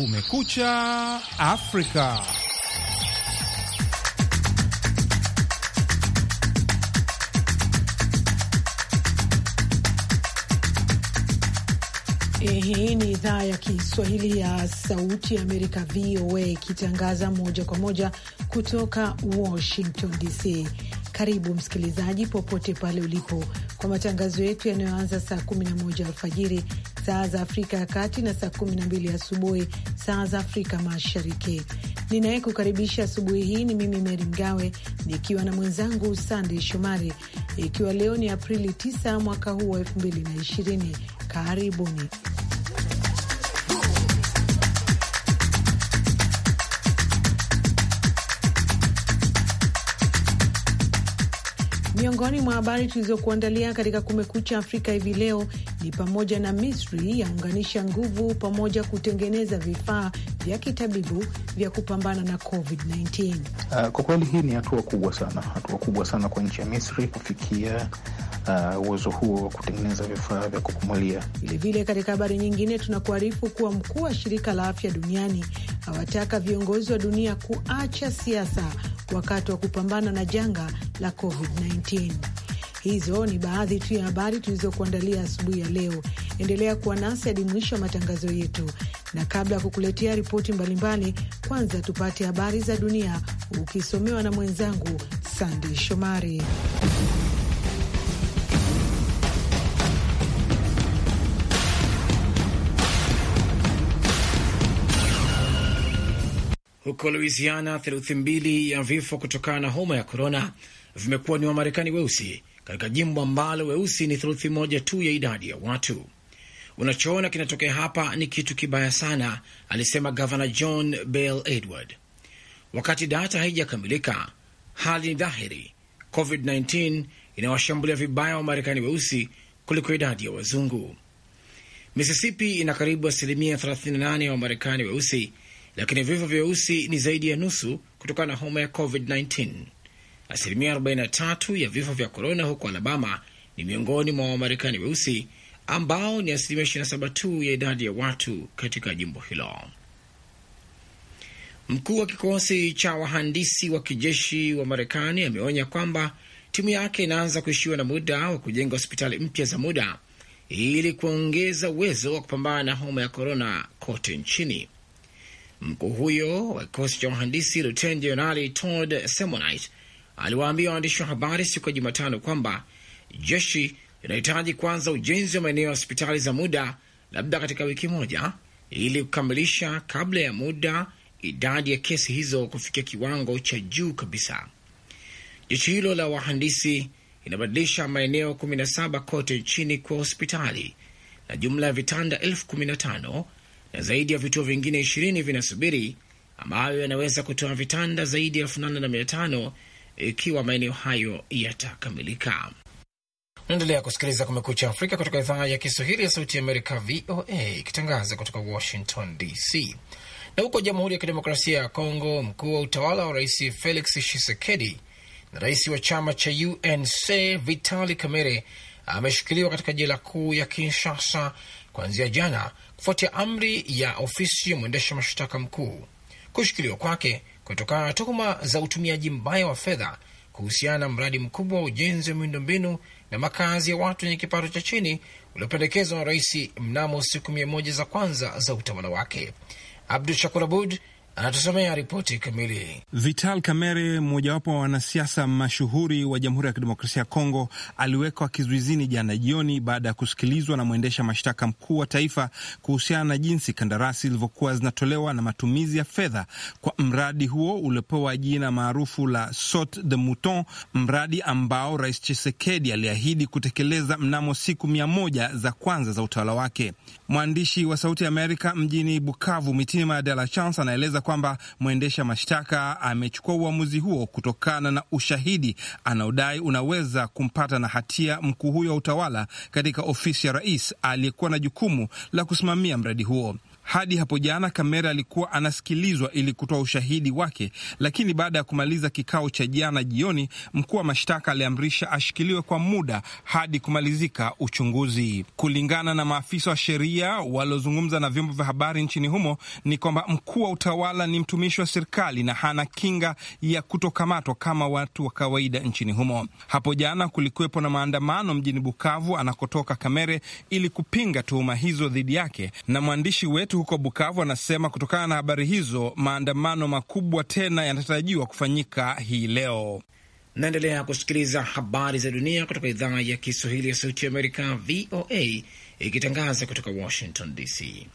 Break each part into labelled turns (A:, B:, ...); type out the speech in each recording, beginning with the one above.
A: Kumekucha Afrika.
B: Hii ni idhaa ya Kiswahili ya Sauti ya Amerika, VOA, ikitangaza moja kwa moja kutoka Washington DC. Karibu msikilizaji, popote pale ulipo kwa matangazo yetu yanayoanza saa 11 alfajiri saa za Afrika ya Kati na saa 12 asubuhi saa za Afrika Mashariki. Ninayekukaribisha asubuhi hii ni mimi Meri Mgawe nikiwa na mwenzangu Sandey Shomari, ikiwa leo ni Aprili 9 mwaka huu wa 2020. Karibuni. Miongoni mwa habari tulizokuandalia katika Kumekucha Afrika hivi leo ni pamoja na Misri yaunganisha nguvu pamoja kutengeneza vifaa vya kitabibu vya kupambana na COVID-19.
C: Uh, ah, kwa kweli hii ni hatua kubwa sana, hatua kubwa sana kwa nchi ya Misri kufikia uh, uwezo huo wa kutengeneza vifaa vya kupumulia.
B: Vilevile, katika habari nyingine, tunakuarifu kuwa mkuu wa shirika la afya duniani awataka viongozi wa dunia kuacha siasa wakati wa kupambana na janga la COVID-19. Hizo ni baadhi tu ya habari tulizokuandalia asubuhi ya leo. Endelea kuwa nasi hadi mwisho wa matangazo yetu, na kabla ya kukuletea ripoti mbalimbali, kwanza tupate habari za dunia ukisomewa na mwenzangu Sandey Shomari.
D: Huko Louisiana, theluthi mbili ya vifo kutokana na homa ya korona vimekuwa ni Wamarekani weusi katika jimbo ambalo weusi ni theluthi moja tu ya idadi ya watu. Unachoona kinatokea hapa ni kitu kibaya sana, alisema Gavana John bel Edward. Wakati data haijakamilika, hali ni dhahiri, COVID-19 inawashambulia vibaya Wamarekani weusi kuliko idadi ya wazungu. Mississippi ina karibu asilimia 38 ya Wamarekani weusi lakini vifo vyeusi ni zaidi ya nusu kutokana na homa ya COVID-19. Asilimia 43 ya vifo vya korona huko Alabama ni miongoni mwa Wamarekani weusi ambao ni asilimia 27 tu ya idadi ya watu katika jimbo hilo. Mkuu wa kikosi cha wahandisi wa kijeshi wa Marekani ameonya kwamba timu yake inaanza kuishiwa na muda wa kujenga hospitali mpya za muda ili kuongeza uwezo wa kupambana na homa ya korona kote nchini. Mkuu huyo wa kikosi cha wahandisi Luteni Jenerali Todd Semonite aliwaambia waandishi wa habari siku ya Jumatano kwamba jeshi linahitaji kwanza ujenzi wa maeneo ya hospitali za muda, labda katika wiki moja, ili kukamilisha kabla ya muda idadi ya kesi hizo kufikia kiwango cha juu kabisa. Jeshi hilo la wahandisi inabadilisha maeneo 17 kote nchini kwa hospitali na jumla ya vitanda elfu na zaidi ya vituo vingine ishirini vinasubiri ambayo yanaweza kutoa vitanda zaidi ya elfu nane na mia tano ikiwa maeneo hayo yatakamilika. Naendelea kusikiliza Kumekucha Afrika kutoka idhaa ya Kiswahili ya Sauti ya Amerika, VOA, ikitangaza kutoka Washington DC. Na huko Jamhuri ya Kidemokrasia ya Kongo, mkuu wa utawala wa Rais Felix Tshisekedi na rais wa chama cha UNC Vitali Kamere ameshikiliwa katika jela kuu ya Kinshasa kuanzia jana kufuatia amri ya ofisi ya mwendesha mashtaka mkuu kushikiliwa kwake kutokana na tuhuma za utumiaji mbaya wa fedha kuhusiana na mradi mkubwa wa ujenzi wa miundombinu na makazi ya watu wenye kipato cha chini uliopendekezwa na rais mnamo siku mia moja za kwanza za utawala wake. Abdu Shakur Abud anatusomea ripoti kamili.
A: Vital Kamere, mmojawapo wa wanasiasa mashuhuri wa Jamhuri ya Kidemokrasia ya Kongo, aliwekwa kizuizini jana jioni baada ya kusikilizwa na mwendesha mashtaka mkuu wa taifa kuhusiana na jinsi kandarasi zilivyokuwa zinatolewa na matumizi ya fedha kwa mradi huo uliopewa jina maarufu la Sot de Mouton, mradi ambao Rais Chisekedi aliahidi kutekeleza mnamo siku mia moja za kwanza za utawala wake. Mwandishi wa Sauti ya Amerika mjini Bukavu, Mitima De La Chance, anaeleza kwamba mwendesha mashtaka amechukua uamuzi huo kutokana na ushahidi anaodai unaweza kumpata na hatia mkuu huyo wa utawala katika ofisi ya rais aliyekuwa na jukumu la kusimamia mradi huo. Hadi hapo jana Kamera alikuwa anasikilizwa ili kutoa ushahidi wake, lakini baada ya kumaliza kikao cha jana jioni, mkuu wa mashtaka aliamrisha ashikiliwe kwa muda hadi kumalizika uchunguzi. Kulingana na maafisa wa sheria waliozungumza na vyombo vya habari nchini humo, ni kwamba mkuu wa utawala ni mtumishi wa serikali na hana kinga ya kutokamatwa kama watu wa kawaida nchini humo. Hapo jana kulikuwepo na maandamano mjini Bukavu anakotoka Kamere ili kupinga tuhuma hizo dhidi yake, na mwandishi wetu huko Bukavu anasema kutokana na habari hizo maandamano makubwa tena yanatarajiwa kufanyika hii leo. Naendelea kusikiliza habari za dunia kutoka
D: idhaa ya Kiswahili ya Sauti Amerika, VOA, ikitangaza kutoka Washington DC.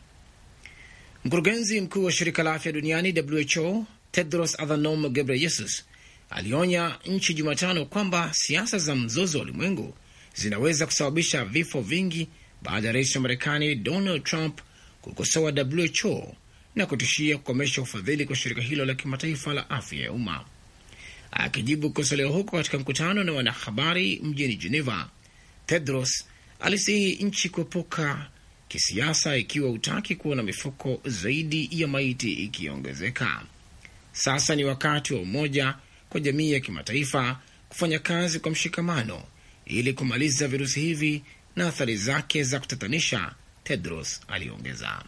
D: Mkurugenzi mkuu wa shirika la afya duniani WHO Tedros Adhanom Ghebreyesus alionya nchi Jumatano kwamba siasa za mzozo wa ulimwengu zinaweza kusababisha vifo vingi baada ya rais wa Marekani Donald Trump kukosoa WHO na kutishia kukomesha ufadhili kwa shirika hilo la kimataifa la afya ya umma. Akijibu kukosolewa huko katika mkutano na wanahabari mjini Geneva, Tedros alisihi nchi kuepuka kisiasa ikiwa utaki kuona mifuko zaidi ya maiti ikiongezeka. Sasa ni wakati wa umoja kwa jamii ya kimataifa kufanya kazi kwa mshikamano ili kumaliza virusi hivi na athari zake za kutatanisha Tedros aliongeza.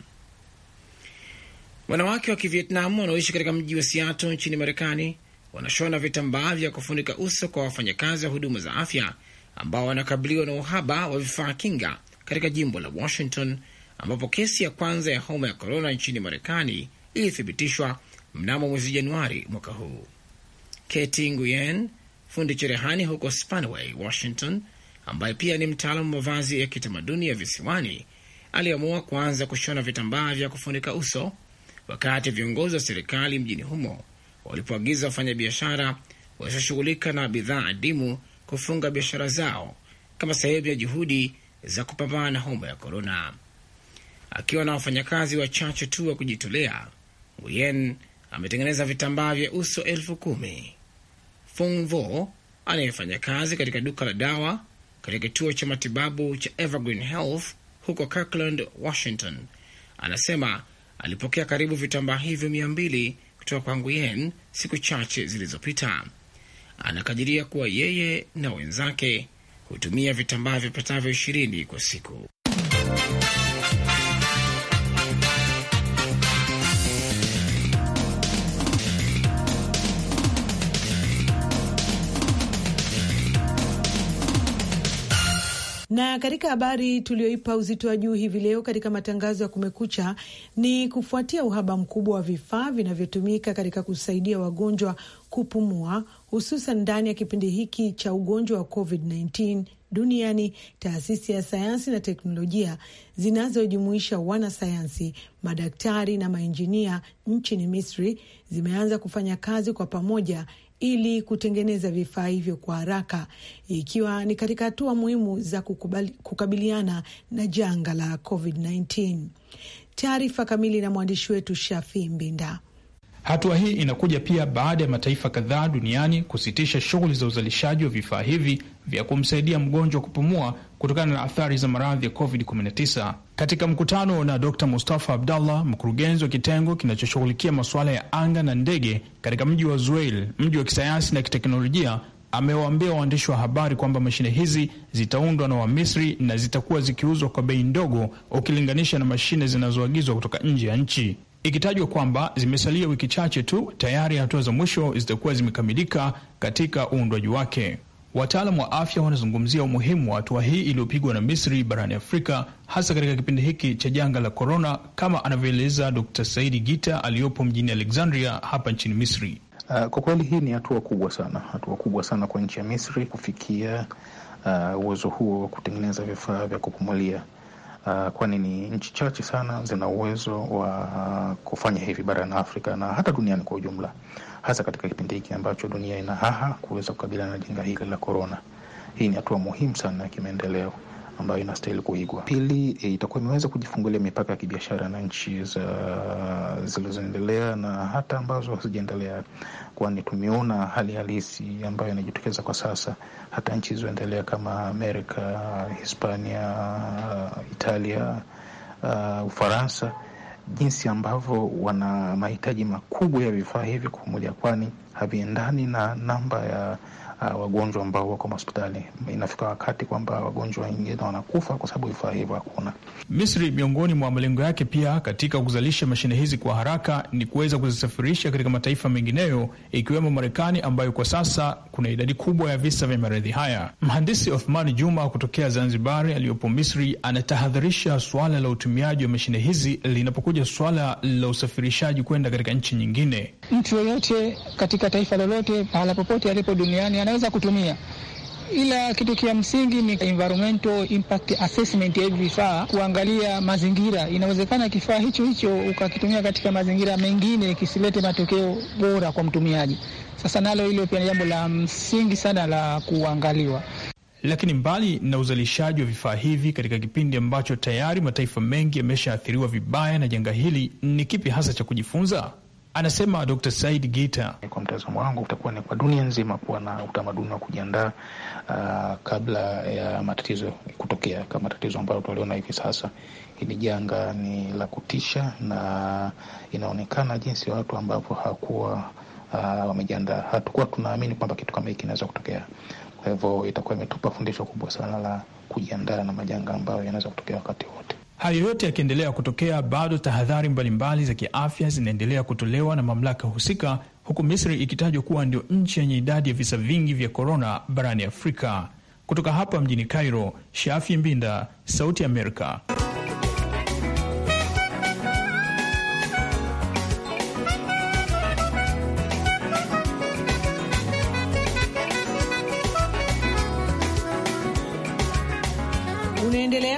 D: Wanawake wa Kivietnam wanaoishi katika mji wa Seattle nchini Marekani wanashona vitambaa vya kufunika uso kwa wafanyakazi wa huduma za afya ambao wanakabiliwa na uhaba wa vifaa kinga katika jimbo la Washington ambapo kesi ya kwanza ya homa ya korona nchini Marekani ilithibitishwa mnamo mwezi Januari mwaka huu. Kati Nguyen, fundi cherehani huko Spanaway, Washington, ambaye pia ni mtaalamu wa mavazi ya kitamaduni ya visiwani, aliamua kuanza kushona vitambaa vya kufunika uso wakati viongozi wa serikali mjini humo walipoagiza wafanyabiashara wasioshughulika na bidhaa adimu kufunga biashara zao kama sehemu ya juhudi za kupambana na homa ya korona. Akiwa na wafanyakazi wachache tu wa kujitolea, Nguyen ametengeneza vitambaa vya uso elfu kumi. Fungvo anayefanya kazi katika duka la dawa katika kituo cha matibabu cha Evergreen Health huko Kirkland, Washington. Anasema alipokea karibu vitambaa hivyo mia mbili kutoka kwa Nguyen siku chache zilizopita. Anakadiria kuwa yeye na wenzake hutumia vitambaa vipatavyo ishirini kwa siku.
B: Na katika habari tulioipa uzito wa juu hivi leo katika matangazo ya Kumekucha ni kufuatia uhaba mkubwa wa vifaa vinavyotumika katika kusaidia wagonjwa kupumua, hususan ndani ya kipindi hiki cha ugonjwa wa COVID-19 duniani. Taasisi ya sayansi na teknolojia zinazojumuisha wanasayansi, madaktari na mainjinia nchini Misri zimeanza kufanya kazi kwa pamoja ili kutengeneza vifaa hivyo kwa haraka, ikiwa ni katika hatua muhimu za kukubali, kukabiliana na janga la COVID-19. Taarifa kamili na mwandishi wetu Shafi Mbinda.
E: Hatua hii inakuja pia baada ya mataifa kadhaa duniani kusitisha shughuli za uzalishaji wa vifaa hivi vya kumsaidia mgonjwa kupumua kutokana na athari za maradhi ya COVID-19. Katika mkutano na Dr Mustafa Abdallah, mkurugenzi wa kitengo kinachoshughulikia masuala ya anga na ndege katika mji wa Zueil, mji wa kisayansi na kiteknolojia, amewaambia waandishi wa habari kwamba mashine hizi zitaundwa na Wamisri na zitakuwa zikiuzwa kwa bei ndogo ukilinganisha na mashine zinazoagizwa kutoka nje ya nchi, ikitajwa kwamba zimesalia wiki chache tu, tayari hatua za mwisho zitakuwa zimekamilika katika uundwaji wake. Wataalam wa afya wanazungumzia umuhimu wa hatua hii iliyopigwa na Misri barani Afrika, hasa katika kipindi hiki cha janga la korona, kama anavyoeleza Dr Saidi Gita aliyopo mjini Alexandria hapa nchini Misri.
C: Uh, kwa kweli hii ni hatua kubwa sana, hatua kubwa sana kwa nchi ya Misri kufikia uh, uwezo huo wa kutengeneza vifaa vya kupumulia uh, kwani ni nchi chache sana zina uwezo wa uh, kufanya hivi barani Afrika na hata duniani kwa ujumla hasa katika kipindi hiki ambacho dunia ina haha kuweza kukabiliana na janga hili la korona. Hii ni hatua muhimu sana ya kimaendeleo ambayo inastahili kuigwa. Pili, e, itakuwa imeweza kujifungulia mipaka ya kibiashara na nchi zilizoendelea na hata ambazo hazijaendelea, kwani tumeona hali halisi ambayo inajitokeza kwa sasa. Hata nchi zilizoendelea kama Amerika, Hispania, Italia, uh, Ufaransa jinsi ambavyo wana mahitaji makubwa ya vifaa hivi kwa moja, kwani haviendani na namba ya uh, wagonjwa ambao wako mahospitali. Inafika wakati kwamba wagonjwa wengine wanakufa kwa sababu vifaa hivyo hakuna.
E: Misri, miongoni mwa malengo yake pia katika kuzalisha mashine hizi kwa haraka ni kuweza kuzisafirisha katika mataifa mengineyo ikiwemo Marekani, ambayo kwa sasa kuna idadi kubwa ya visa vya maradhi haya. Mhandisi Othmani Juma kutokea Zanzibari aliyopo Misri anatahadharisha suala la utumiaji wa mashine hizi linapokuja suala la usafirishaji kwenda katika nchi nyingine. Mtu yoyote
C: katika taifa lolote, pahala popote alipo duniani anaweza kutumia ila kitu kia msingi ni environmental impact assessment ya vifaa, kuangalia mazingira. Inawezekana kifaa hicho hicho ukakitumia katika mazingira mengine kisilete matokeo bora kwa mtumiaji. Sasa nalo hilo pia ni jambo la msingi sana la kuangaliwa.
E: Lakini mbali na uzalishaji wa vifaa hivi katika kipindi ambacho tayari mataifa mengi yameshaathiriwa vibaya na janga hili, ni kipi hasa cha kujifunza? Anasema Dr. Said Gita, kwa mtazamo wangu utakuwa ni kwa dunia nzima kuwa na utamaduni wa kujiandaa uh, kabla
C: ya matatizo kutokea, kama tatizo ambayo tuliona hivi sasa. Hili janga ni la kutisha, na inaonekana jinsi ya watu ambavyo hawakuwa uh, wamejiandaa. Hatukuwa tunaamini kwamba kitu kama hiki kinaweza kutokea. Kwa hivyo itakuwa imetupa fundisho kubwa sana la kujiandaa na majanga ambayo yanaweza kutokea wakati wote.
E: Hayo yote yakiendelea kutokea, bado tahadhari mbalimbali za kiafya zinaendelea kutolewa na mamlaka husika, huku Misri ikitajwa kuwa ndio nchi yenye idadi ya visa vingi vya korona barani Afrika. Kutoka hapa mjini Cairo, Shafi Mbinda, Sauti Amerika.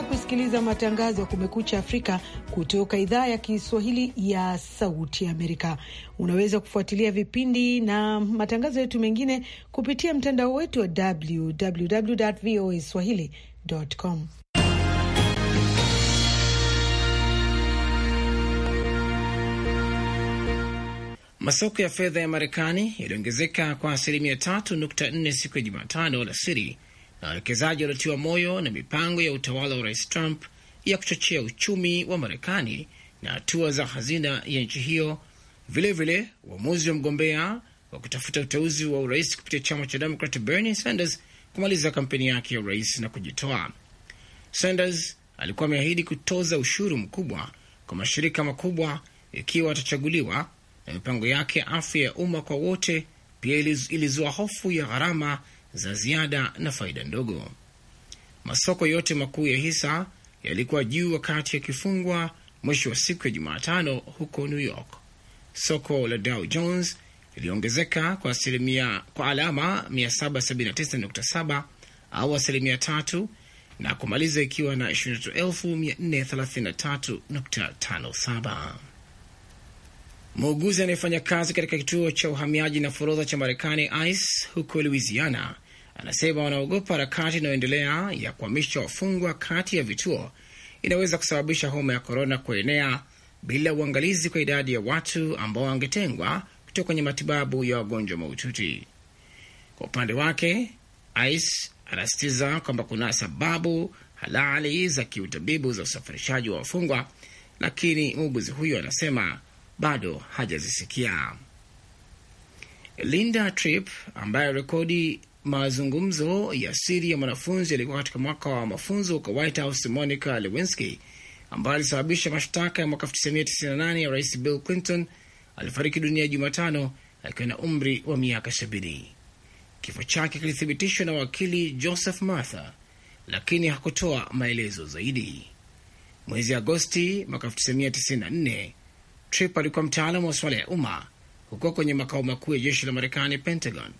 B: kusikiliza matangazo ya Kumekucha Afrika kutoka idhaa ya Kiswahili ya Sauti Amerika. Unaweza kufuatilia vipindi na matangazo yetu mengine kupitia mtandao wetu wa www voa swahili.com.
D: Masoko ya fedha ya Marekani yaliongezeka kwa asilimia 3.4 siku ya Jumatano alasiri na wawekezaji waliotiwa moyo na mipango ya utawala wa Rais Trump ya kuchochea uchumi wa Marekani na hatua za hazina ya nchi hiyo. Vilevile, uamuzi wa mgombea wa kutafuta uteuzi wa urais kupitia chama cha Demokrat Bernie Sanders kumaliza kampeni yake ya urais na kujitoa. Sanders alikuwa ameahidi kutoza ushuru mkubwa kwa mashirika makubwa ikiwa atachaguliwa, na mipango yake ya afya ya umma kwa wote pia ilizua hofu ya gharama za ziada na faida ndogo. Masoko yote makuu ya hisa yalikuwa juu wakati yakifungwa mwisho wa siku ya Jumatano huko New York. Soko la Dow Jones liliongezeka kwa asilimia kwa alama 779.7 au asilimia tatu na kumaliza ikiwa na 23433.57. Muuguzi anayefanya kazi katika kituo cha uhamiaji na forodha cha Marekani ICE huko Louisiana anasema wanaogopa harakati inayoendelea ya kuhamisha wafungwa kati ya vituo inaweza kusababisha homa ya korona kuenea bila uangalizi kwa idadi ya watu ambao wangetengwa kutoka kwenye matibabu ya wagonjwa mahututi. Kwa upande wake, ICE anasitiza kwamba kuna sababu halali za kiutabibu za usafirishaji wa wafungwa, lakini muuguzi huyo anasema bado hajazisikia. Linda Tripp ambaye rekodi mazungumzo ya siri ya mwanafunzi aliyekuwa katika mwaka wa mafunzo kwa White House Monica Lewinsky, ambaye alisababisha mashtaka ya mwaka 1998 ya rais Bill Clinton, alifariki dunia Jumatano akiwa na umri wa miaka 70. Kifo chake kilithibitishwa na wakili Joseph Martha, lakini hakutoa maelezo zaidi. Mwezi Agosti mwaka 1994 Tripp alikuwa mtaalamu wa swala ya umma huko kwenye makao makuu ya jeshi la Marekani, Pentagon,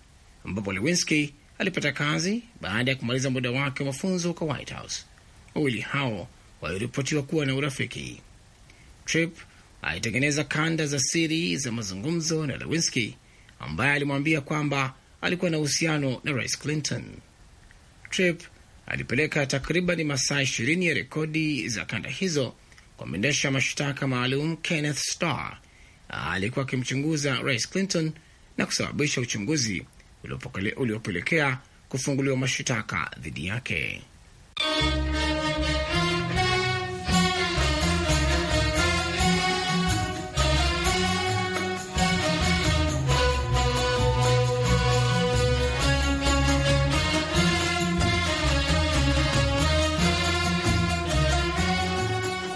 D: ambapo Lewinsky alipata kazi baada ya kumaliza muda wake wa mafunzo huko White House. Wawili hao waliripotiwa kuwa na urafiki. Tripp alitengeneza kanda za siri za mazungumzo na Lewinsky, ambaye alimwambia kwamba alikuwa na uhusiano na Rais Clinton. Tripp alipeleka takriban masaa ishirini ya rekodi za kanda hizo kwa mwendesha mashtaka maalum Kenneth Starr alikuwa akimchunguza Rais Clinton na kusababisha uchunguzi uliopelekea kufunguliwa mashtaka dhidi yake.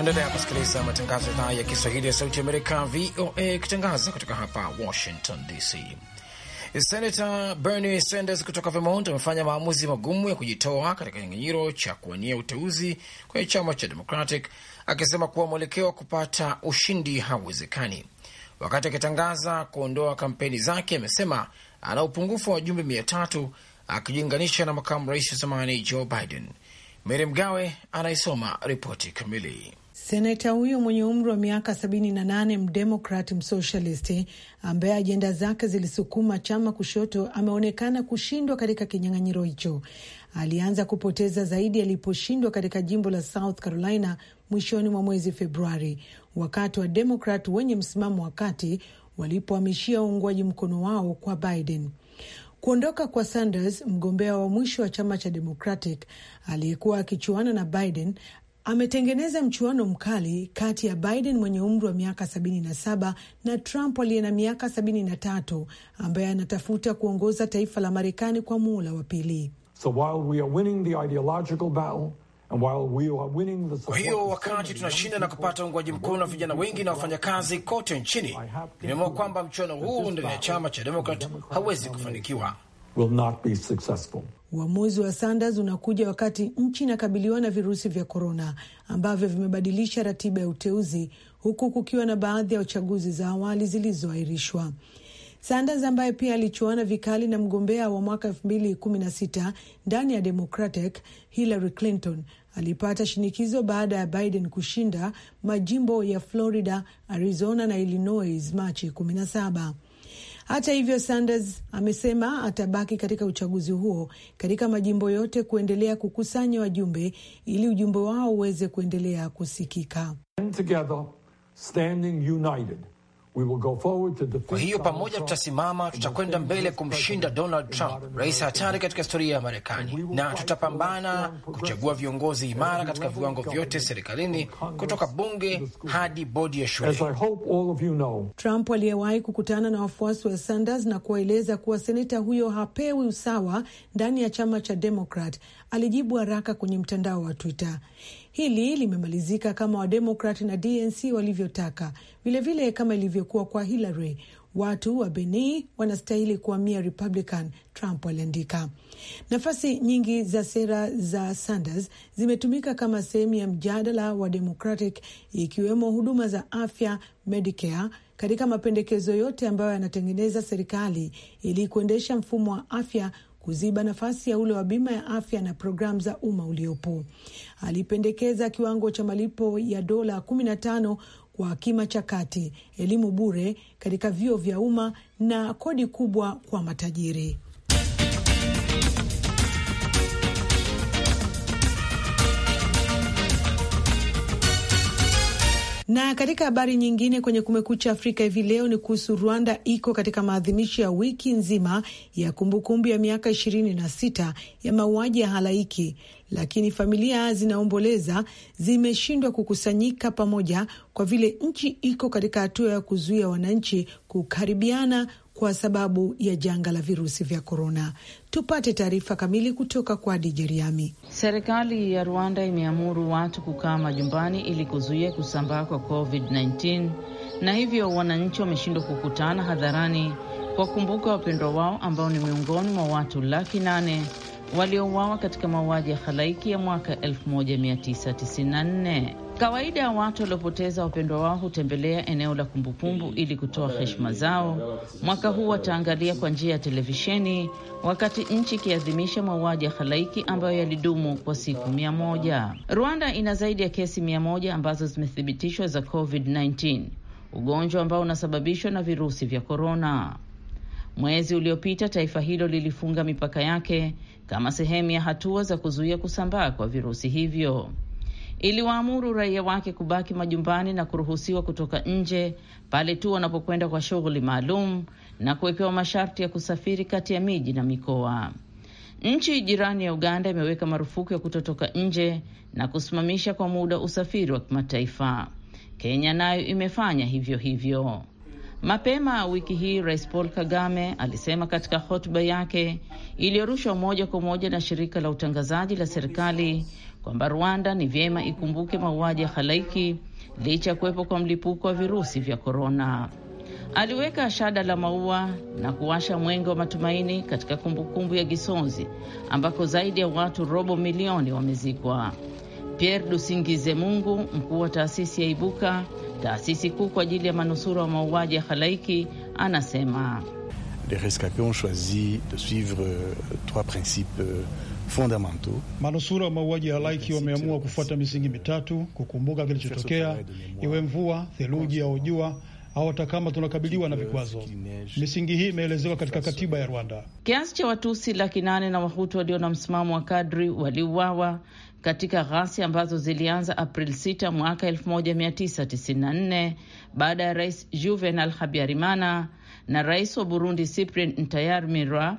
D: endelea kusikiliza matangazo ya idhaa ya Kiswahili ya Sauti Amerika, VOA, ikitangaza kutoka hapa Washington DC. Senata Bernie Sanders kutoka Vermont amefanya maamuzi magumu ya kujitoa katika kinyang'anyiro cha kuwania uteuzi kwenye chama cha Democratic, akisema kuwa mwelekeo wa kupata ushindi hauwezekani. Wakati akitangaza kuondoa kampeni zake, amesema ana upungufu wa wajumbe mia tatu akijilinganisha na makamu rais wa zamani Joe Biden. Mary Mgawe anaisoma ripoti kamili.
B: Seneta huyo mwenye umri wa miaka 78 mdemokrat msosialisti ambaye ajenda zake zilisukuma chama kushoto ameonekana kushindwa katika kinyang'anyiro hicho. Alianza kupoteza zaidi aliposhindwa katika jimbo la South Carolina mwishoni mwa mwezi Februari, wakati wa Demokrat wenye msimamo wa kati walipohamishia uungwaji mkono wao kwa Biden. Kuondoka kwa Sanders, mgombea wa mwisho wa chama cha Democratic aliyekuwa akichuana na Biden, ametengeneza mchuano mkali kati ya Biden mwenye umri wa miaka 77 na Trump aliye na miaka 73 ambaye anatafuta kuongoza taifa la Marekani kwa muhula wa pili.
E: So while we are winning the ideological
D: battle kwa hiyo wakati tunashinda na kupata uungwaji mkono wa vijana wengi na wafanyakazi kote nchini, nimeamua kwamba mchuano huu ndani ya chama cha Demokrat
E: hawezi kufanikiwa.
B: Uamuzi wa Sanders unakuja wakati nchi inakabiliwa na virusi vya korona ambavyo vimebadilisha ratiba ya uteuzi huku kukiwa na baadhi ya uchaguzi za awali zilizoahirishwa. Sanders ambaye pia alichuana vikali na mgombea wa mwaka elfu mbili kumi na sita ndani ya Democratic Hillary Clinton alipata shinikizo baada ya Biden kushinda majimbo ya Florida, Arizona na Illinois Machi kumi na saba. Hata hivyo, Sanders amesema atabaki katika uchaguzi huo katika majimbo yote kuendelea kukusanya wajumbe ili ujumbe wao uweze kuendelea kusikika.
E: Together, standing united. Kwa hiyo pamoja
D: tutasimama, tutakwenda mbele kumshinda Donald Trump, rais hatari katika historia ya Marekani, na tutapambana kuchagua viongozi imara katika viwango vyote serikalini, kutoka bunge hadi bodi
E: ya shule.
B: Trump aliyewahi kukutana na wafuasi wa Sanders na kuwaeleza kuwa seneta huyo hapewi usawa ndani ya chama cha Demokrat alijibu haraka kwenye mtandao wa Twitter. Hili limemalizika kama Wademokrat na DNC walivyotaka, vilevile kama ilivyokuwa kwa Hillary. Watu wa Beni wanastahili kuhamia Republican, Trump aliandika. Nafasi nyingi za sera za Sanders zimetumika kama sehemu ya mjadala wa Democratic, ikiwemo huduma za afya, Medicare, katika mapendekezo yote ambayo yanatengeneza serikali ili kuendesha mfumo wa afya kuziba nafasi ya ule wa bima ya afya na programu za umma uliopo. Alipendekeza kiwango cha malipo ya dola 15 kwa kima cha kati, elimu bure katika vyuo vya umma na kodi kubwa kwa matajiri. Na katika habari nyingine kwenye Kumekucha Afrika hivi leo ni kuhusu Rwanda iko katika maadhimisho ya wiki nzima ya kumbukumbu ya miaka ishirini na sita ya mauaji ya halaiki, lakini familia zinaomboleza zimeshindwa kukusanyika pamoja kwa vile nchi iko katika hatua ya kuzuia wananchi kukaribiana kwa sababu ya janga la virusi vya korona. Tupate taarifa kamili kutoka kwa Dijeriami.
F: Serikali ya Rwanda imeamuru watu kukaa majumbani ili kuzuia kusambaa kwa COVID-19 na hivyo wananchi wameshindwa kukutana hadharani kuwakumbuka wapendwa wao ambao ni miongoni mwa watu laki nane waliouawa katika mauaji ya halaiki ya mwaka 1994. Kawaida ya watu waliopoteza wapendwa wao hutembelea eneo la kumbukumbu ili kutoa heshima zao. Mwaka huu wataangalia kwa njia ya televisheni, wakati nchi ikiadhimisha mauaji ya halaiki ambayo yalidumu kwa siku mia moja. Rwanda ina zaidi ya kesi mia moja ambazo zimethibitishwa za COVID-19, ugonjwa ambao unasababishwa na virusi vya korona. Mwezi uliopita taifa hilo lilifunga mipaka yake kama sehemu ya hatua za kuzuia kusambaa kwa virusi hivyo iliwaamuru raia wake kubaki majumbani na kuruhusiwa kutoka nje pale tu wanapokwenda kwa shughuli maalum na kuwekewa masharti ya kusafiri kati ya miji na mikoa. Nchi jirani ya Uganda imeweka marufuku ya kutotoka nje na kusimamisha kwa muda usafiri wa kimataifa. Kenya nayo imefanya hivyo hivyo. Mapema wiki hii Rais Paul Kagame alisema katika hotuba yake iliyorushwa moja kwa moja na shirika la utangazaji la serikali kwamba Rwanda ni vyema ikumbuke mauaji ya halaiki licha ya kuwepo kwa mlipuko wa virusi vya korona. Aliweka shada la maua na kuwasha mwenge wa matumaini katika kumbukumbu ya Gisozi ambako zaidi ya watu robo milioni wamezikwa. Pierre Dusingize Mungu, mkuu wa taasisi ya Ibuka, taasisi kuu kwa ajili ya manusura wa mauaji ya halaiki, anasema
E: les rescapes ont choisi de suivre trois principes euh, Manusura wa mauaji halaiki wameamua kufuata misingi mitatu: kukumbuka kilichotokea, iwe mvua, theluji au jua au hata kama tunakabiliwa na vikwazo. Misingi hii imeelezewa katika katiba ya Rwanda.
F: Kiasi cha Watusi laki nane na Wahutu walio na msimamo wa kadri waliuawa katika ghasia ambazo zilianza April 6 mwaka 1994 baada ya Rais Juvenal Habyarimana na Rais wa Burundi Cyprien Ntaryamira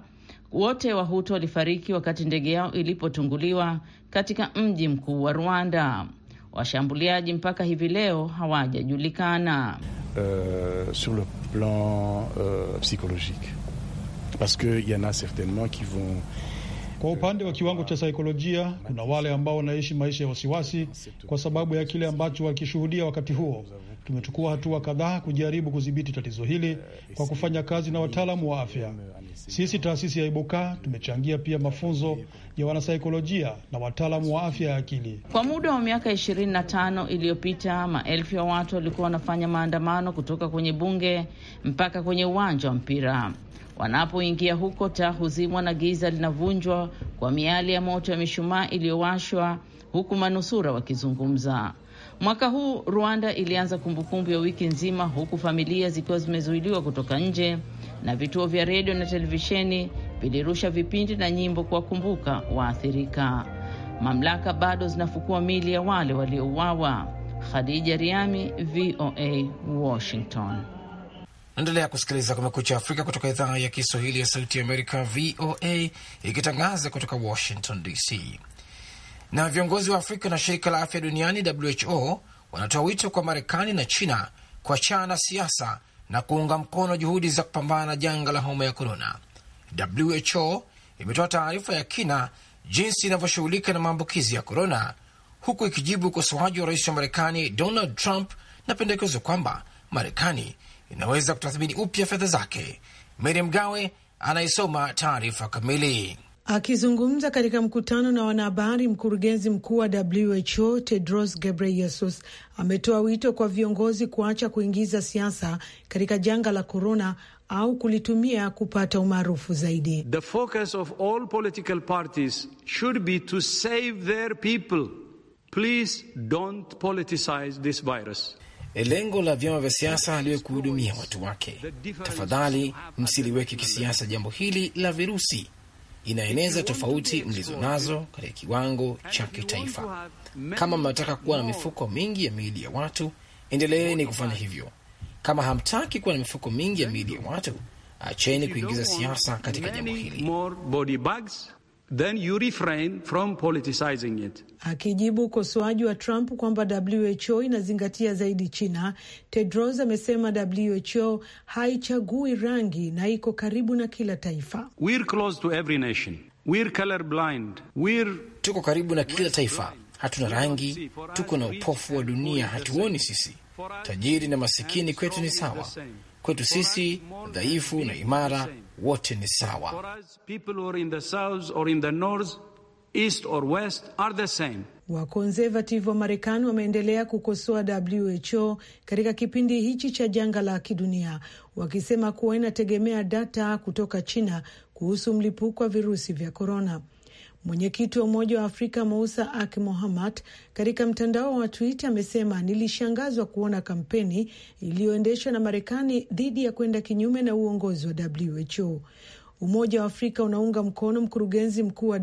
F: wote Wahutu walifariki wakati ndege yao ilipotunguliwa katika mji mkuu wa Rwanda. Washambuliaji mpaka hivi leo hawajajulikana.
E: Uh, sur le plan uh, psychologique parce que y en a certainement qui vont kwa upande wa kiwango cha saikolojia, kuna wale ambao wanaishi maisha ya wasiwasi kwa sababu ya kile ambacho walikishuhudia wakati huo. Tumechukua hatua kadhaa kujaribu kudhibiti tatizo hili kwa kufanya kazi na wataalamu wa afya. Sisi taasisi ya Ibuka tumechangia pia mafunzo ya wanasaikolojia na wataalamu wa afya ya akili.
F: Kwa muda wa miaka 25 iliyopita, maelfu ya watu walikuwa wanafanya maandamano kutoka kwenye bunge mpaka kwenye uwanja wa mpira. Wanapoingia huko, taa huzimwa na giza linavunjwa kwa miali ya moto ya mishumaa iliyowashwa, huku manusura wakizungumza. Mwaka huu Rwanda ilianza kumbukumbu ya wiki nzima, huku familia zikiwa zimezuiliwa kutoka nje na vituo vya redio na televisheni vilirusha vipindi na nyimbo kuwakumbuka waathirika. Mamlaka bado zinafukua mili ya wale waliouawa. Khadija Riami, VOA, Washington.
D: Naendelea kusikiliza Kumekucha Afrika kutoka idhaa ya Kiswahili ya Sauti ya Amerika, VOA, ikitangaza kutoka Washington DC. Na viongozi wa Afrika na shirika la afya duniani WHO wanatoa wito kwa Marekani na China kuachana na siasa na kuunga mkono juhudi za kupambana na janga la homa ya korona. WHO imetoa taarifa ya kina jinsi inavyoshughulika na maambukizi ya korona, huku ikijibu ukosoaji wa rais wa Marekani Donald Trump na pendekezo kwamba Marekani inaweza kutathmini upya fedha zake. Mary Mgawe anayesoma taarifa kamili.
B: Akizungumza katika mkutano na wanahabari, mkurugenzi mkuu wa WHO Tedros Ghebreyesus ametoa wito kwa viongozi kuacha kuingiza siasa katika janga la korona au kulitumia kupata umaarufu zaidi.
E: The focus of all political parties should be to save their people. Please don't politicize this virus. E, lengo
D: la vyama vya siasa liwe kuhudumia watu wake. Tafadhali msiliweke kisiasa jambo hili la virusi inaeneza tofauti mlizonazo katika kiwango cha kitaifa. Kama mnataka kuwa na mifuko mingi ya miili ya watu, endeleeni kufanya hivyo. Kama hamtaki kuwa na mifuko mingi ya miili ya watu, acheni kuingiza siasa
E: katika jambo hili. Then you refrain from politicizing it.
B: Akijibu ukosoaji wa Trump kwamba WHO inazingatia zaidi China, Tedros amesema WHO haichagui rangi na iko karibu na kila
E: taifa. We're close to every nation. We're blind. We're... tuko karibu na kila taifa, hatuna rangi, tuko na upofu wa dunia, hatuoni sisi. Tajiri
D: na masikini kwetu ni sawa, Kwetu sisi dhaifu na imara wote ni
E: sawa.
B: Wakonservative wa Marekani wameendelea kukosoa WHO katika kipindi hichi cha janga la kidunia, wakisema kuwa inategemea data kutoka China kuhusu mlipuko wa virusi vya korona. Mwenyekiti wa Umoja wa Afrika Mousa Aki Mohamad katika mtandao wa Twitter amesema nilishangazwa kuona kampeni iliyoendeshwa na Marekani dhidi ya kwenda kinyume na uongozi wa WHO. Umoja wa Afrika unaunga mkono mkurugenzi mkuu wa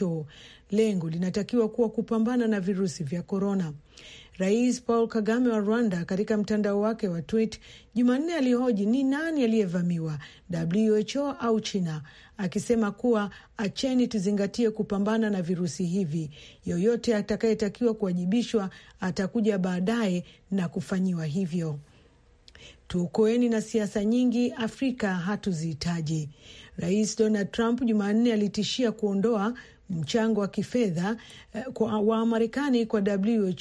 B: WHO. Lengo linatakiwa kuwa kupambana na virusi vya korona. Rais Paul Kagame wa Rwanda katika mtandao wake wa twit Jumanne alihoji ni nani aliyevamiwa, WHO au China, akisema kuwa acheni tuzingatie kupambana na virusi hivi. Yoyote atakayetakiwa kuwajibishwa atakuja baadaye na kufanyiwa hivyo. Tuokoeni na siasa nyingi, Afrika hatuzihitaji. Rais Donald Trump Jumanne alitishia kuondoa mchango wa kifedha eh, wa Marekani kwa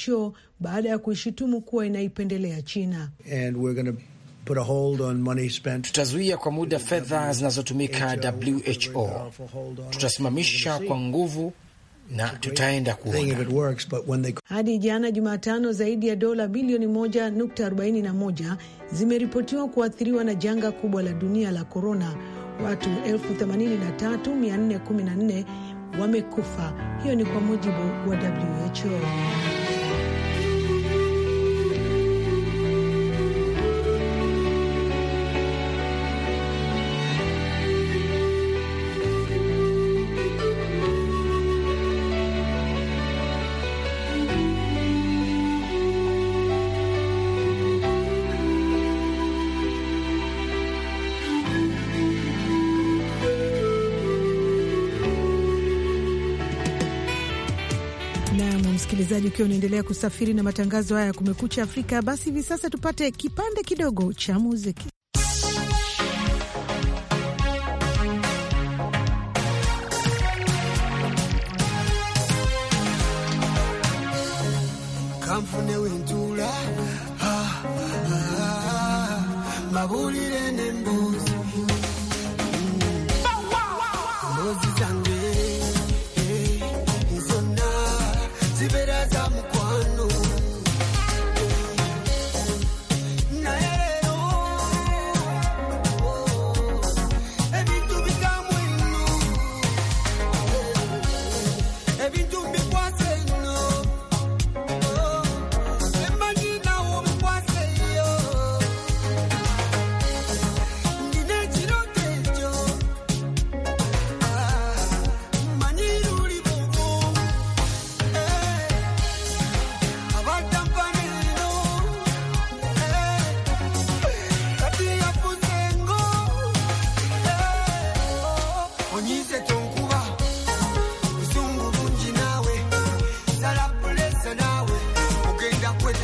B: WHO baada ya kuishutumu kuwa inaipendelea China.
D: And we're gonna put a hold on money spent. Tutazuia kwa muda fedha zinazotumika WHO, tutasimamisha kwa nguvu na tutaenda
B: kuona they... Hadi jana Jumatano, zaidi ya dola bilioni 1.41 zimeripotiwa kuathiriwa na janga kubwa la dunia la korona, watu 83414 wamekufa. Hiyo ni kwa mujibu wa WHO. ukiwa unaendelea kusafiri na matangazo haya ya Kumekucha Afrika, basi hivi sasa tupate kipande kidogo cha muziki. Kamfune wintula ah, ah, ah, ah mabulire nembu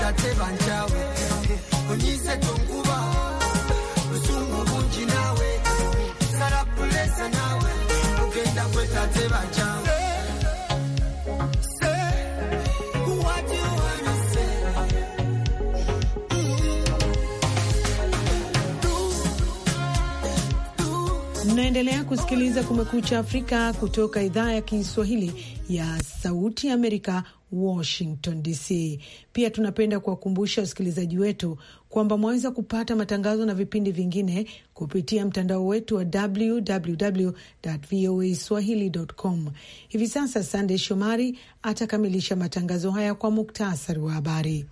B: ate bancawe
A: unyize tonkuba busungu bungi
B: Unaendelea kusikiliza Kumekucha Afrika kutoka idhaa ya Kiswahili ya Sauti ya Amerika, Washington DC. Pia tunapenda kuwakumbusha wasikilizaji wetu kwamba mwaweza kupata matangazo na vipindi vingine kupitia mtandao wetu wa www voa swahili.com. Hivi sasa Sandey Shomari atakamilisha matangazo haya kwa muktasari wa habari.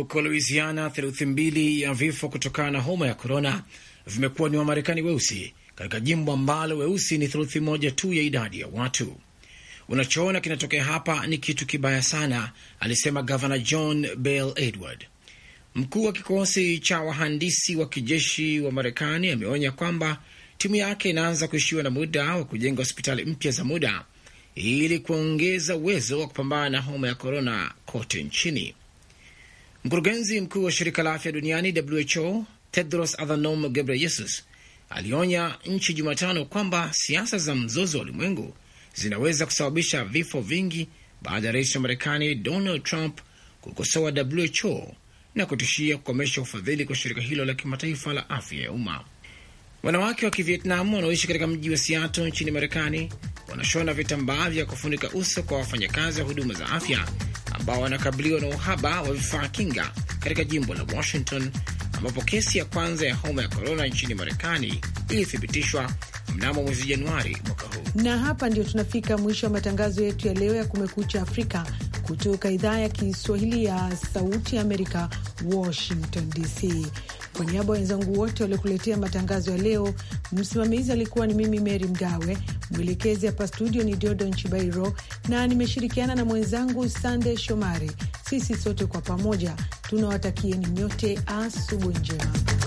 D: Huko Louisiana, theluthi mbili ya vifo kutokana na homa ya korona vimekuwa ni Wamarekani weusi katika jimbo ambalo weusi ni theluthi moja tu ya idadi ya watu. Unachoona kinatokea hapa ni kitu kibaya sana, alisema gavana John Bel Edward. Mkuu wa kikosi cha wahandisi wa kijeshi wa Marekani ameonya kwamba timu yake inaanza kuishiwa na muda wa kujenga hospitali mpya za muda ili kuongeza uwezo wa kupambana na homa ya korona kote nchini. Mkurugenzi mkuu wa shirika la afya duniani WHO Tedros Adhanom Ghebreyesus alionya nchi Jumatano kwamba siasa za mzozo wa ulimwengu zinaweza kusababisha vifo vingi baada ya rais wa Marekani Donald Trump kukosoa WHO na kutishia kukomesha ufadhili kwa shirika hilo la kimataifa la afya ya umma. Wanawake wa kivietnam wanaoishi katika mji wa Seattle nchini Marekani wanashona vitambaa vya kufunika uso kwa wafanyakazi wa huduma za afya ambao wanakabiliwa na uhaba wa vifaa kinga katika jimbo la Washington ambapo kesi ya kwanza ya homa ya korona nchini Marekani ilithibitishwa mnamo mwezi Januari mwaka
B: huu. Na hapa ndio tunafika mwisho wa matangazo yetu ya leo ya Kumekucha Afrika kutoka idhaa ya Kiswahili ya Sauti ya Amerika, Washington DC. Kwa niaba wenzangu wote waliokuletea matangazo ya leo, msimamizi alikuwa ni mimi mery Mgawe, mwelekezi hapa studio ni Diodo Nchibairo, na nimeshirikiana na mwenzangu Sande Shomari. Sisi sote kwa pamoja tunawatakieni nyote asubuhi njema.